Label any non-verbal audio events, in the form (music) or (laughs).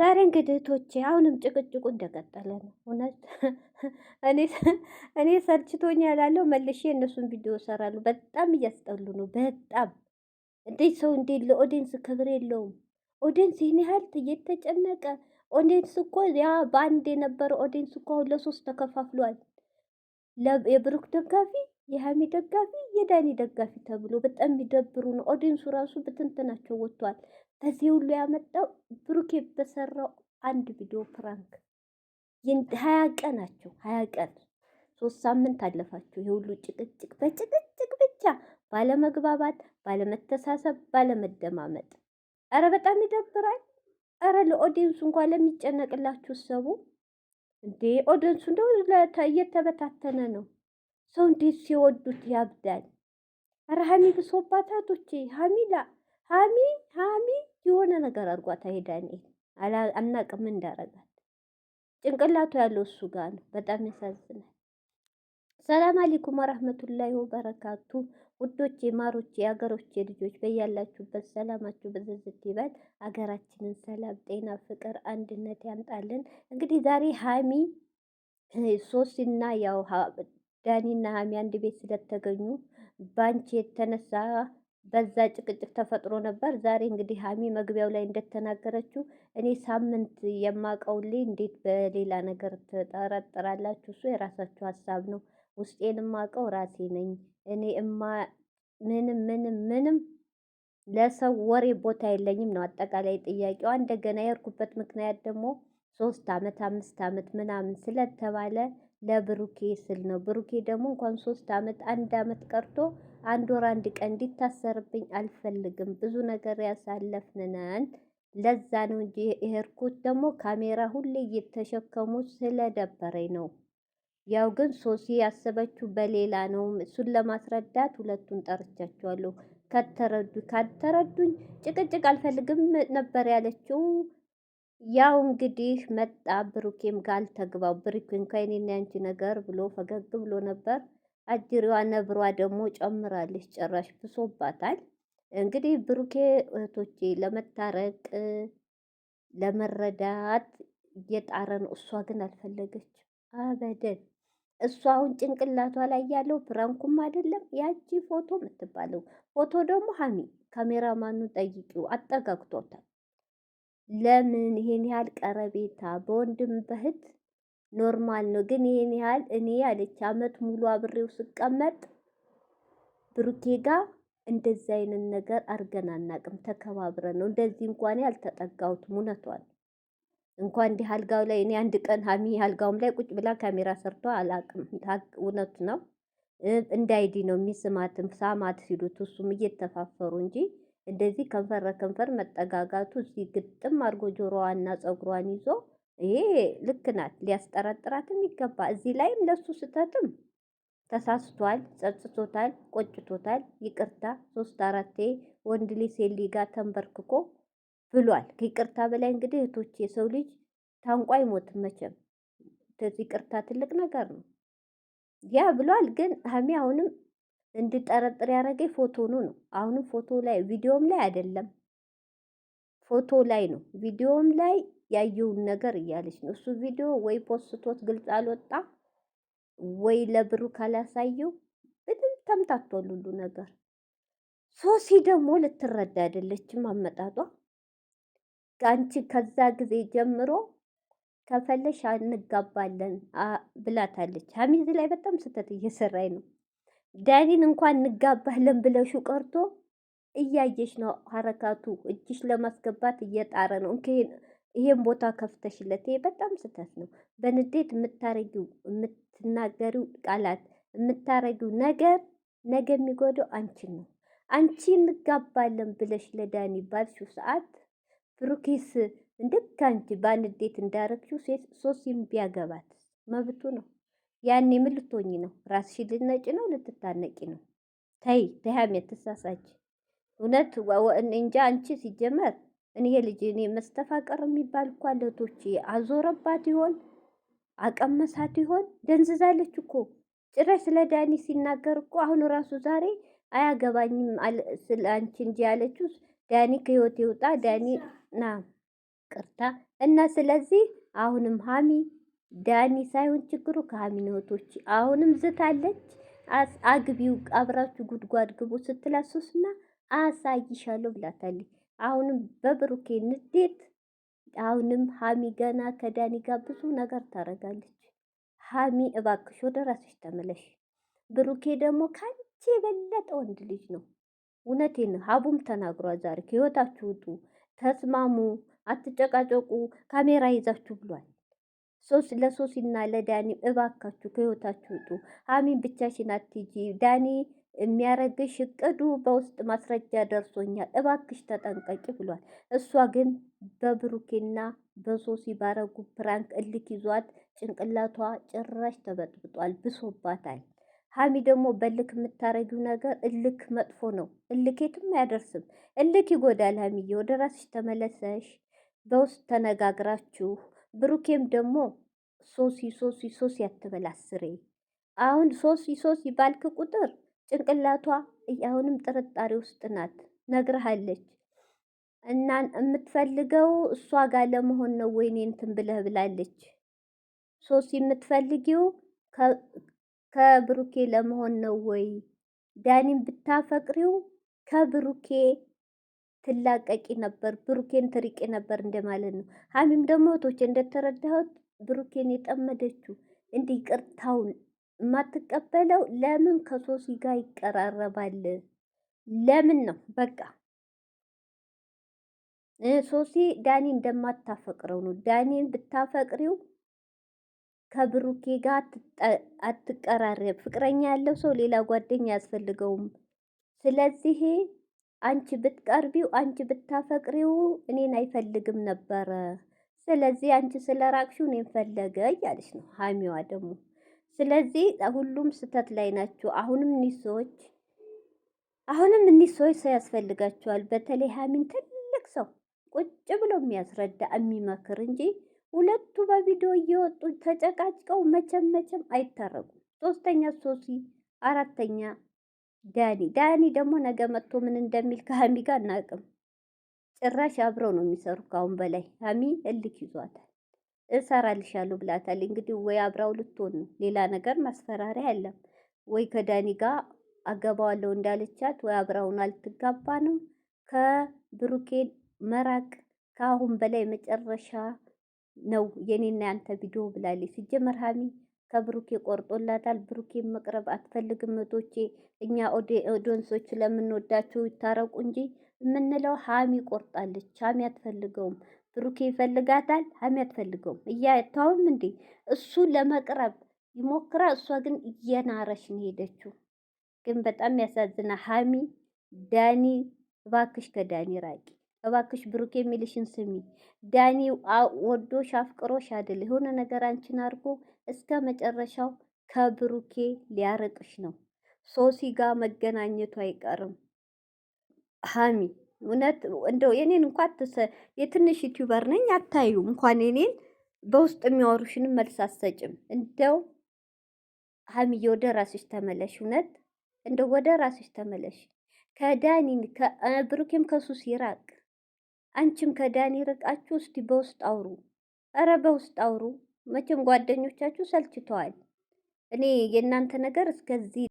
ዛሬ እንግዲህ እህቶቼ አሁንም ጭቅጭቁ እንደቀጠለ ነው። እውነት (laughs) እኔ (laughs) ሰልችቶኝ ያላለው መልሼ እነሱን ቪዲዮ ሰራሉ። በጣም እያስጠሉ ነው። በጣም እንዴት ሰው እንዴ ለኦዲንስ ክብር የለውም። ኦዲንስ ይህን ያህል እየተጨነቀ ኦዲንስ እኮ ያ በአንድ የነበረ ኦዲንስ እኮ አሁን ለሶስት ተከፋፍሏል። የብሩክ ደጋፊ፣ የሀሚ ደጋፊ፣ የዳኒ ደጋፊ ተብሎ በጣም የሚደብሩ ነው። ኦዲንሱ ራሱ ብትንትናቸው ወጥቷል። እዚህ ሁሉ ያመጣው ብሩኬ በሰራው አንድ ቪዲዮ ፕራንክ። ሀያ ቀን ናቸው፣ ሀያ ቀን ሶስት ሳምንት አለፋቸው። ሁሉ ጭቅጭቅ በጭቅጭቅ ብቻ ባለመግባባት፣ ባለመተሳሰብ፣ ባለመደማመጥ። ኧረ በጣም ይደብራል። ኧረ ለኦዲየንሱ እንኳን ለሚጨነቅላችሁ ሰቡ እንዴ! ኦዲየንሱ እንደው እየተበታተነ ነው። ሰው እንዴት ሲወዱት ያብዳል። ኧረ ሀሚ ብሶባታቶቼ ሀሚላ ሀሚ ሀሚ የሆነ ነገር አድርጓት አይዳን አናቅም እንዳረጋት ጭንቅላቱ ያለው እሱ ጋር ነው። በጣም ያሳዝናል። ሰላም አለይኩም ወራህመቱላሂ ወበረካቱ ውዶቼ፣ ማሮቼ፣ የአገሮቼ ልጆች በያላችሁበት ሰላማችሁ ብዝዝት ይበል። አገራችንን ሰላም፣ ጤና፣ ፍቅር፣ አንድነት ያምጣልን። እንግዲህ ዛሬ ሀሚ ሶሲና ያው ዳኒና ሀሚ አንድ ቤት ስለተገኙ ባንቺ የተነሳ በዛ ጭቅጭቅ ተፈጥሮ ነበር። ዛሬ እንግዲህ ሀሚ መግቢያው ላይ እንደተናገረችው እኔ ሳምንት የማቀውሌ እንዴት በሌላ ነገር ትጠረጥራላችሁ? እሱ የራሳችሁ ሀሳብ ነው። ውስጤን የማቀው ራሴ ነኝ። እኔ እማ ምንም ምንም ምንም ለሰው ወሬ ቦታ የለኝም ነው አጠቃላይ ጥያቄዋ። እንደገና የርኩበት ምክንያት ደግሞ ሶስት አመት አምስት አመት ምናምን ስለተባለ ለብሩኬ ስል ነው። ብሩኬ ደግሞ እንኳን ሶስት አመት አንድ አመት ቀርቶ አንድ ወር አንድ ቀን እንዲታሰርብኝ አልፈልግም። ብዙ ነገር ያሳለፍንነን ለዛ ነው እንጂ የሄድኩት ደግሞ ካሜራ ሁሌ እየተሸከሙ ስለደበረኝ ነው። ያው ግን ሶሲ ያሰበችው በሌላ ነው። እሱን ለማስረዳት ሁለቱን ጠርቻቸዋለሁ። ከተረዱ ካልተረዱኝ ጭቅጭቅ አልፈልግም ነበር ያለችው። ያው እንግዲህ መጣ። ብሩኬም ጋር አልተግባቡ ብሩኬን ከእኔና ያንቺ ነገር ብሎ ፈገግ ብሎ ነበር። አጅሪዋ ነብሯ ደግሞ ጨምራለች። ጭራሽ ብሶባታል። እንግዲህ ብሩኬ እህቶቼ ለመታረቅ ለመረዳት እየጣረ ነው። እሷ ግን አልፈለገችም አበደን። እሷ አሁን ጭንቅላቷ ላይ ያለው ፕራንኩም አይደለም ያቺ ፎቶ የምትባለው ፎቶ ደግሞ ሀሚ ካሜራማኑ ጠይቂው አጠጋግቶታል። ለምን ይሄን ያህል ቀረቤታ በወንድም በህት ኖርማል ነው። ግን ይሄን ያህል እኔ አለች አመት ሙሉ አብሬው ስቀመጥ ብሩኬ ጋር እንደዚህ አይነት ነገር አድርገን አናቅም። ተከባብረ ነው እንደዚህ እንኳን ያልተጠጋሁት እውነቷን እንኳን እንዲህ አልጋው ላይ እኔ አንድ ቀን ሀሚ አልጋውም ላይ ቁጭ ብላ ካሜራ ሰርቶ አላቅም። እውነቱ ነው። እንዳይዲ ነው የሚስማትም ሳማት ሲሉት እሱም እየተፋፈሩ እንጂ እንደዚህ ከንፈረ ከንፈር መጠጋጋቱ እዚህ ግጥም አድርጎ ጆሮዋና ጸጉሯን ይዞ ይሄ ልክ ናት፣ ሊያስጠረጥራትም ይገባ። እዚህ ላይም ለሱ ስተትም ተሳስቷል፣ ጸጽቶታል፣ ቆጭቶታል። ይቅርታ ሶስት አራቴ ወንድ ሊ ሴት ልጅ ጋር ተንበርክኮ ብሏል። ከይቅርታ በላይ እንግዲህ እህቶች፣ የሰው ልጅ ታንቋ አይሞትም መቼም። ይቅርታ ትልቅ ነገር ነው። ያ ብሏል። ግን ሀሚ አሁንም እንድጠረጥር ያደረገኝ ፎቶኑ ነው። አሁንም ፎቶ ላይ ቪዲዮም ላይ አይደለም ፎቶ ላይ ነው ቪዲዮም ላይ ያየውን ነገር እያለች ነው። እሱ ቪዲዮ ወይ ፖስቶት ግልጽ አልወጣ ወይ ለብሩ ካላሳየው ብድም ተምታቷል ሁሉ ነገር። ሶሲ ደግሞ ልትረዳ አይደለችም አመጣጧ። አንቺ ከዛ ጊዜ ጀምሮ ከፈለሽ እንጋባለን ብላታለች። ሀሚዝ ላይ በጣም ስህተት እየሰራኝ ነው። ዳኒን እንኳን እንጋባለን ብለሹ ቀርቶ እያየሽ ነው። ሀረካቱ እጅሽ ለማስገባት እየጣረ ነው። ይሄን ቦታ ከፍተሽለት፣ ይሄ በጣም ስህተት ነው። በንዴት የምታረጊው የምትናገሪው ቃላት የምታረጊው ነገር ነገ የሚጎደው አንቺ ነው። አንቺ እንጋባለን ብለሽ ለዳኒ ባልሽው ሰዓት ብሩኬስ እንዴት አንቺ በንዴት እንዳረግሽው ሴት ሶሲም ቢያገባት መብቱ ነው። ያኔ ምን ልትሆኚ ነው? ራስሽን ልትነጪ ነው? ልትታነቂ ነው? ተይ ተያም የተሳሳች እውነት እንጃ አንቺ ሲጀመር እኔ ልጅ እኔ መስተፋቀር የሚባል እኮ አለቶች አዞረባት ይሆን አቀመሳት ይሆን ደንዝዛለች እኮ ጭራሽ ስለ ዳኒ ሲናገር እኮ አሁን ራሱ ዛሬ አያገባኝም ስለ አንቺ እንጂ ያለችው ዳኒ ከህይወት ይውጣ ዳኒ ና ቅርታ እና ስለዚህ አሁንም ሀሚ ዳኒ ሳይሆን ችግሩ ከሀሚ ነውቶች አሁንም ዝታለች አግቢው አብራችሁ ጉድጓድ ግቡ ስትላሱስና አሳይሻለሁ ብላታለች አሁንም በብሩኬ ንዴት አሁንም ሀሚ ገና ከዳኒ ጋር ብዙ ነገር ታደርጋለች። ሀሚ እባክሽ ወደ ራስሽ ተመለሽ። ብሩኬ ደግሞ ከአንቺ የበለጠ ወንድ ልጅ ነው። እውነቴን ሀቡም ተናግሯል ዛሬ ከህይወታችሁ ውጡ፣ ተስማሙ፣ አትጨቃጨቁ፣ ካሜራ ይዛችሁ ብሏል። ሶስ ለሶሲና ለዳኒ እባካችሁ ከህይወታችሁ ውጡ። ሀሚን ብቻሽን አትጂ ዳኒ የሚያረግሽ እቅዱ በውስጥ ማስረጃ ደርሶኛል፣ እባክሽ ተጠንቀቂ ብሏል። እሷ ግን በብሩኬና በሶሲ ባረጉ ፕራንክ እልክ ይዟት ጭንቅላቷ ጭራሽ ተበጥብጧል፣ ብሶባታል። ሀሚ ደግሞ በልክ የምታረጊው ነገር እልክ መጥፎ ነው፣ እልክ የትም አያደርስም፣ እልክ ይጎዳል። ሀሚዬ ወደ ራስሽ ተመለሰሽ። በውስጥ ተነጋግራችሁ ብሩኬም ደግሞ ሶሲ ሶሲ ሶሲ አትበል አስሬ አሁን ሶሲ ሶሲ ባልክ ቁጥር ጭንቅላቷ አሁንም ጥርጣሬ ውስጥ ናት። ነግረሃለች እና የምትፈልገው እሷ ጋር ለመሆን ነው ወይ እኔን እንትን ብለህ ብላለች። ሶስት የምትፈልጊው ከብሩኬ ለመሆን ነው ወይ? ዳኒን ብታፈቅሪው ከብሩኬ ትላቀቂ ነበር፣ ብሩኬን ትርቂ ነበር እንደማለት ነው። ሀሚም ደግሞ ቶቼ እንደተረዳሁት ብሩኬን የጠመደችው እንዲህ ቅርታውን የማትቀበለው ለምን ከሶሲ ጋር ይቀራረባል? ለምን ነው በቃ ሶሲ ዳኒ እንደማታፈቅረው ነው። ዳኒን ብታፈቅሪው ከብሩኬ ጋር አትቀራረብ። ፍቅረኛ ያለው ሰው ሌላ ጓደኛ አያስፈልገውም። ስለዚህ አንቺ ብትቀርቢው፣ አንቺ ብታፈቅሪው እኔን አይፈልግም ነበረ። ስለዚህ አንቺ ስለራቅሽው እኔን ፈለገ እያለች ነው ሀሚዋ ደግሞ ስለዚህ ሁሉም ስህተት ላይ ናቸው። አሁንም እኒህ ሰዎች አሁንም እኒህ ሰዎች ሰው ያስፈልጋቸዋል። በተለይ ሀሚን ትልቅ ሰው ቁጭ ብሎ የሚያስረዳ የሚመክር እንጂ ሁለቱ በቪዲዮ እየወጡ ተጨቃጭቀው መቼም መቼም አይታረጉም። ሶስተኛ ሶሲ፣ አራተኛ ዳኒ። ዳኒ ደግሞ ነገ መጥቶ ምን እንደሚል ከሀሚ ጋር አናውቅም። ጭራሽ አብረው ነው የሚሰሩ። ከአሁን በላይ ሀሚ እልክ ይዟታል። እሰራልሻለሁ ብላታል። እንግዲህ ወይ አብራው ልትሆን ነው። ሌላ ነገር ማስፈራሪያ የለም። ወይ ከዳኒ ጋር አገባዋለሁ እንዳለቻት ወይ አብራውን አልትጋባ ነው። ከብሩኬን መራቅ ከአሁን በላይ መጨረሻ ነው የኔና ያንተ ቪዲዮ ብላለች። ሲጀመር ሀሚ ከብሩኬ ቆርጦላታል። ብሩኬን መቅረብ አትፈልግም። እህቶቼ እኛ ኦዲየንሶች ለምንወዳቸው ይታረቁ እንጂ የምንለው ሀሚ ቆርጣለች። ሀሚ አትፈልገውም። ብሩኬ ይፈልጋታል፣ ሀሚ አትፈልገውም። እያታውም እንዲ እሱ ለመቅረብ ይሞክራ፣ እሷ ግን እየናረሽ ነው ሄደችው። ግን በጣም ያሳዝና ሀሚ። ዳኒ እባክሽ ከዳኒ ራቂ እባክሽ ብሩኬ የሚልሽን ስሚ። ዳኒ ወዶሽ አፍቅሮሽ አይደል የሆነ ነገር አንቺን አድርጎ እስከ መጨረሻው ከብሩኬ ሊያረቅሽ ነው። ሶሲ ጋር መገናኘቱ አይቀርም ሀሚ እውነት እንደው የኔን እንኳ የትንሽ ዩቲዩበር ነኝ አታዩ እንኳን የኔን በውስጥ የሚያወሩሽንም መልስ አሰጭም። እንደው ሀሚዬ ወደ ራስሽ ተመለሽ። እውነት እንደው ወደ ራስሽ ተመለሽ። ከዳኒን ብሩኬም ከሱስ ይራቅ፣ አንቺም ከዳኒ ርቃችሁ እስቲ በውስጥ አውሩ። ረ በውስጥ አውሩ። መቼም ጓደኞቻችሁ ሰልችተዋል። እኔ የእናንተ ነገር እስከዚህ